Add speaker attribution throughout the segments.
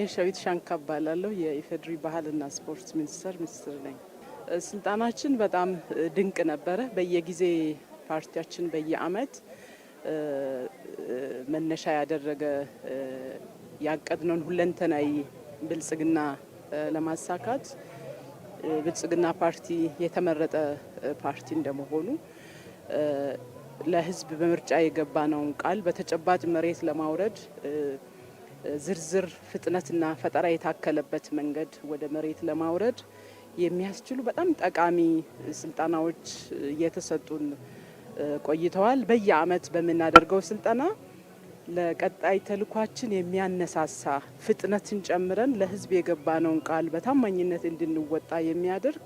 Speaker 1: እኔ ሸዊት ሻንካ እባላለሁ። የኢፌዴሪ ባህልና ስፖርት ሚኒስቴር ሚኒስትር ነኝ። ስልጣናችን በጣም ድንቅ ነበረ። በየጊዜ ፓርቲያችን በየአመት መነሻ ያደረገ ያቀድነውን ሁለንተናዊ ብልጽግና ለማሳካት ብልጽግና ፓርቲ የተመረጠ ፓርቲ እንደመሆኑ ለህዝብ በምርጫ የገባነውን ቃል በተጨባጭ መሬት ለማውረድ ዝርዝር ፍጥነትና ፈጠራ የታከለበት መንገድ ወደ መሬት ለማውረድ የሚያስችሉ በጣም ጠቃሚ ስልጠናዎች እየተሰጡን ቆይተዋል። በየአመት በምናደርገው ስልጠና ለቀጣይ ተልኳችን የሚያነሳሳ ፍጥነትን ጨምረን ለህዝብ የገባነውን ቃል በታማኝነት እንድንወጣ የሚያደርግ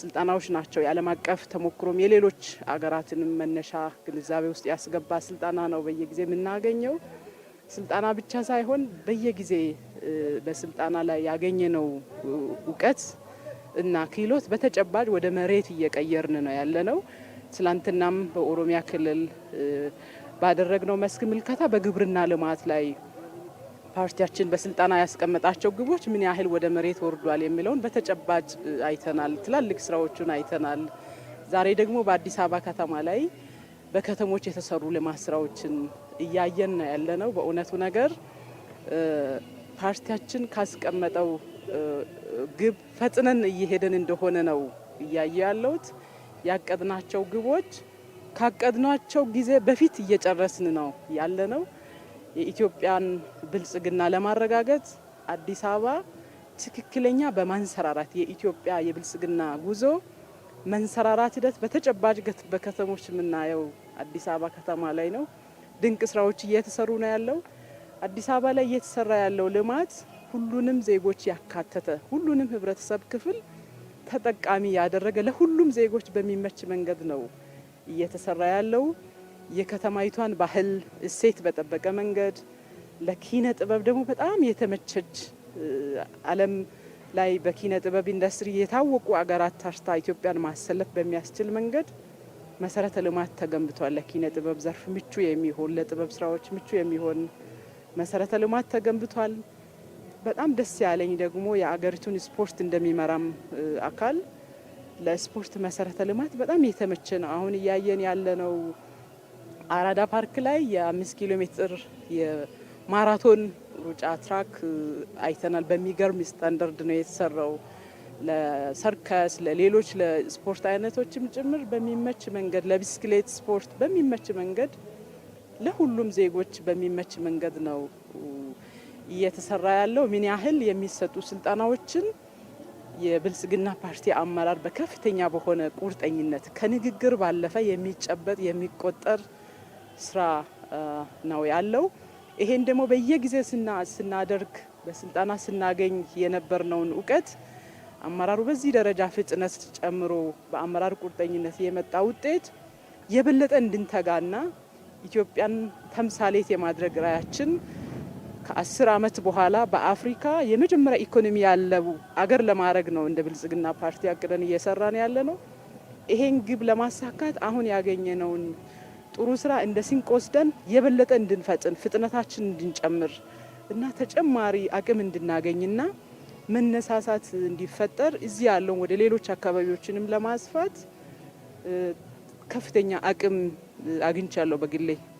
Speaker 1: ስልጠናዎች ናቸው። የዓለም አቀፍ ተሞክሮም የሌሎች አገራትንም መነሻ ግንዛቤ ውስጥ ያስገባ ስልጠና ነው በየጊዜ የምናገኘው። ስልጠና ብቻ ሳይሆን በየጊዜ በስልጠና ላይ ያገኘነው እውቀት እና ክህሎት በተጨባጭ ወደ መሬት እየቀየርን ነው ነው። ትላንትናም በኦሮሚያ ክልል ባደረግነው መስክ ምልከታ በግብርና ልማት ላይ ፓርቲያችን በስልጠና ያስቀመጣቸው ግቦች ምን ያህል ወደ መሬት ወርዷል የሚለውን በተጨባጭ አይተናል። ትላልቅ ስራዎቹን አይተናል። ዛሬ ደግሞ በአዲስ አበባ ከተማ ላይ በከተሞች የተሰሩ ልማት ስራዎችን እያየን ነው ያለነው። በእውነቱ ነገር ፓርቲያችን ካስቀመጠው ግብ ፈጥነን እየሄደን እንደሆነ ነው እያየ ያለሁት። ያቀድናቸው ግቦች ካቀድናቸው ጊዜ በፊት እየጨረስን ነው ያለነው። የኢትዮጵያን ብልጽግና ለማረጋገጥ አዲስ አበባ ትክክለኛ በማንሰራራት የኢትዮጵያ የብልጽግና ጉዞ መንሰራራት ሂደት በተጨባጭ በከተሞች የምናየው አዲስ አበባ ከተማ ላይ ነው። ድንቅ ስራዎች እየተሰሩ ነው ያለው። አዲስ አበባ ላይ እየተሰራ ያለው ልማት ሁሉንም ዜጎች ያካተተ ሁሉንም ህብረተሰብ ክፍል ተጠቃሚ ያደረገ ለሁሉም ዜጎች በሚመች መንገድ ነው እየተሰራ ያለው። የከተማይቷን ባህል እሴት በጠበቀ መንገድ ለኪነ ጥበብ ደግሞ በጣም የተመቸች ዓለም ላይ በኪነ ጥበብ ኢንዱስትሪ የታወቁ አገራት ታርታ ኢትዮጵያን ማሰለፍ በሚያስችል መንገድ መሰረተ ልማት ተገንብቷል። ለኪነ ጥበብ ዘርፍ ምቹ የሚሆን ለጥበብ ስራዎች ምቹ የሚሆን መሰረተ ልማት ተገንብቷል። በጣም ደስ ያለኝ ደግሞ የአገሪቱን ስፖርት እንደሚመራም አካል ለስፖርት መሰረተ ልማት በጣም የተመቸ ነው። አሁን እያየን ያለነው አራዳ ፓርክ ላይ የአምስት ኪሎ ሜትር ማራቶን ሩጫ ትራክ አይተናል። በሚገርም ስታንዳርድ ነው የተሰራው። ለሰርከስ ለሌሎች ለስፖርት አይነቶችም ጭምር በሚመች መንገድ ለቢስክሌት ስፖርት በሚመች መንገድ ለሁሉም ዜጎች በሚመች መንገድ ነው እየተሰራ ያለው። ምን ያህል የሚሰጡ ስልጠናዎችን የብልጽግና ፓርቲ አመራር በከፍተኛ በሆነ ቁርጠኝነት ከንግግር ባለፈ የሚጨበጥ የሚቆጠር ስራ ነው ያለው። ይሄን ደግሞ በየጊዜ ስናደርግ በስልጠና ስናገኝ የነበርነውን እውቀት አመራሩ በዚህ ደረጃ ፍጥነት ጨምሮ በአመራር ቁርጠኝነት የመጣ ውጤት የበለጠ እንድንተጋና ኢትዮጵያን ተምሳሌት የማድረግ ራያችን ከአስር ዓመት በኋላ በአፍሪካ የመጀመሪያ ኢኮኖሚ ያለው አገር ለማድረግ ነው እንደ ብልጽግና ፓርቲ አቅደን እየሰራን ያለ ነው። ይሄን ግብ ለማሳካት አሁን ያገኘነውን ጥሩ ስራ እንደ ሲንቅ ወስደን የበለጠ እንድንፈጥን ፍጥነታችን እንድንጨምር እና ተጨማሪ አቅም እንድናገኝና መነሳሳት እንዲፈጠር እዚህ ያለውን ወደ ሌሎች አካባቢዎችንም ለማስፋት ከፍተኛ አቅም አግኝቻለሁ በግሌ።